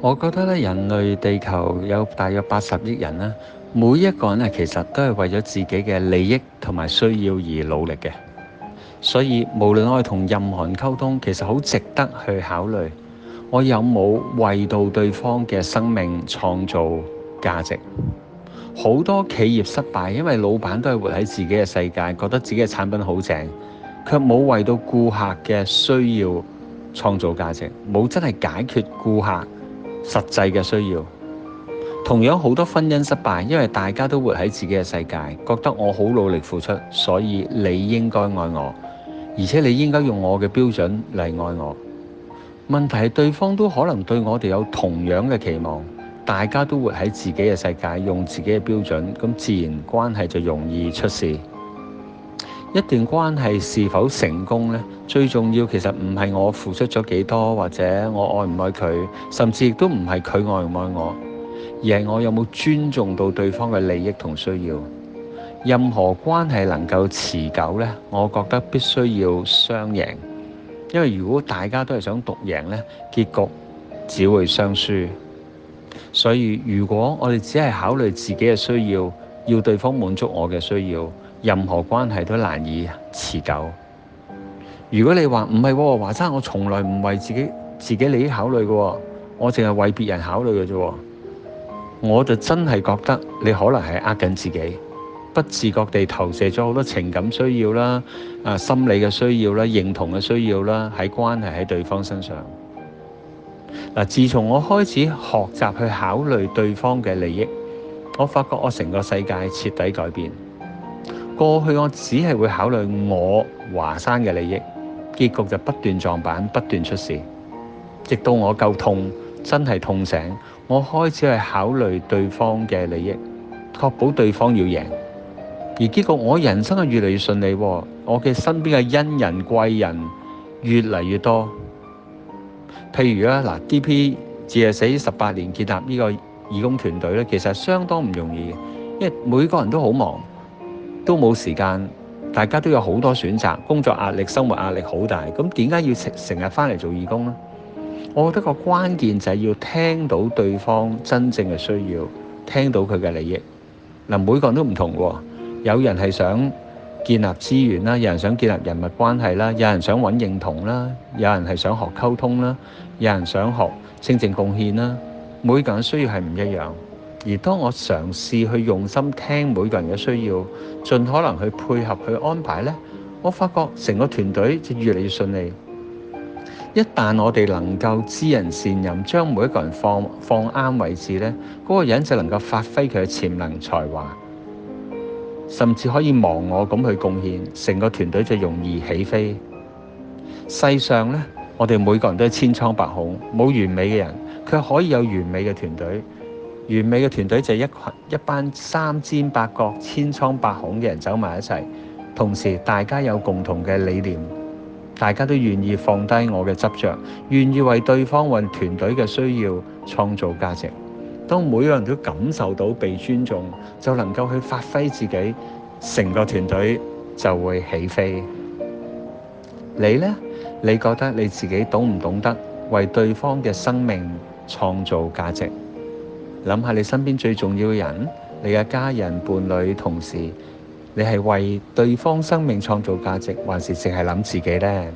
我覺得咧，人類地球有大約八十億人啦，啊，每一個人咧，啊，其實都係為咗自己嘅利益同埋需要而努力嘅。所以無論我同任何人溝通，其實好值得去考慮，我有冇為到對方嘅生命創造價值？好多企業失敗，因為老闆都係活喺自己嘅世界，覺得自己嘅產品好正，卻冇為到顧客嘅需要。創造價值冇真係解決顧客實際嘅需要，同樣好多婚姻失敗，因為大家都活喺自己嘅世界，覺得我好努力付出，所以你應該愛我，而且你應該用我嘅標準嚟愛我。問題係對方都可能對我哋有同樣嘅期望，大家都活喺自己嘅世界，用自己嘅標準，咁自然關係就容易出事。一段關係是否成功呢？最重要其實唔係我付出咗幾多，或者我愛唔愛佢，甚至亦都唔係佢愛唔愛我，而係我有冇尊重到對方嘅利益同需要。任何關係能夠持久呢，我覺得必須要雙贏，因為如果大家都係想獨贏呢，結局只會雙輸。所以如果我哋只係考慮自己嘅需要，要對方滿足我嘅需要。任何關係都難以持久。如果你話唔係華山，我從來唔為自己自己利益考慮嘅、哦，我淨係為別人考慮嘅啫。我就真係覺得你可能係呃緊自己，不自覺地投射咗好多情感需要啦、啊心理嘅需要啦、認同嘅需要啦喺關係，喺對方身上。自從我開始學習去考慮對方嘅利益，我發覺我成個世界徹底改變。過去我只係會考慮我華山嘅利益，結局就不斷撞板，不斷出事，直到我夠痛，真係痛醒，我開始係考慮對方嘅利益，確保對方要贏。而結局我人生係越嚟越順利，我嘅身邊嘅恩人貴人越嚟越多。譬如啊，嗱，D.P. 自係死十八年建立呢個義工團隊咧，其實相當唔容易，因為每個人都好忙。都冇時間，大家都有好多選擇，工作壓力、生活壓力好大，咁點解要成成日翻嚟做義工呢？我覺得個關鍵就係要聽到對方真正嘅需要，聽到佢嘅利益。嗱，每個人都唔同喎，有人係想建立資源啦，有人想建立人物關係啦，有人想揾認同啦，有人係想學溝通啦，有人想學正正貢獻啦，每個人需要係唔一樣。而當我嘗試去用心聽每個人嘅需要，盡可能去配合去安排呢，我發覺成個團隊就越嚟越順利。一旦我哋能夠知人善任，將每一個人放放啱位置呢，嗰個人就能夠發揮佢嘅潛能才華，甚至可以忘我咁去貢獻，成個團隊就容易起飛。世上呢，我哋每個人都係千瘡百孔，冇完美嘅人，卻可以有完美嘅團隊。完美嘅團隊就係一羣一班三尖八角千瘡百孔嘅人走埋一齊，同時大家有共同嘅理念，大家都願意放低我嘅執着，願意為對方為團隊嘅需要創造價值。當每個人都感受到被尊重，就能夠去發揮自己，成個團隊就會起飛。你呢？你覺得你自己懂唔懂得為對方嘅生命創造價值？諗下你身邊最重要嘅人，你嘅家人、伴侶、同事，你係為對方生命創造價值，還是淨係諗自己呢？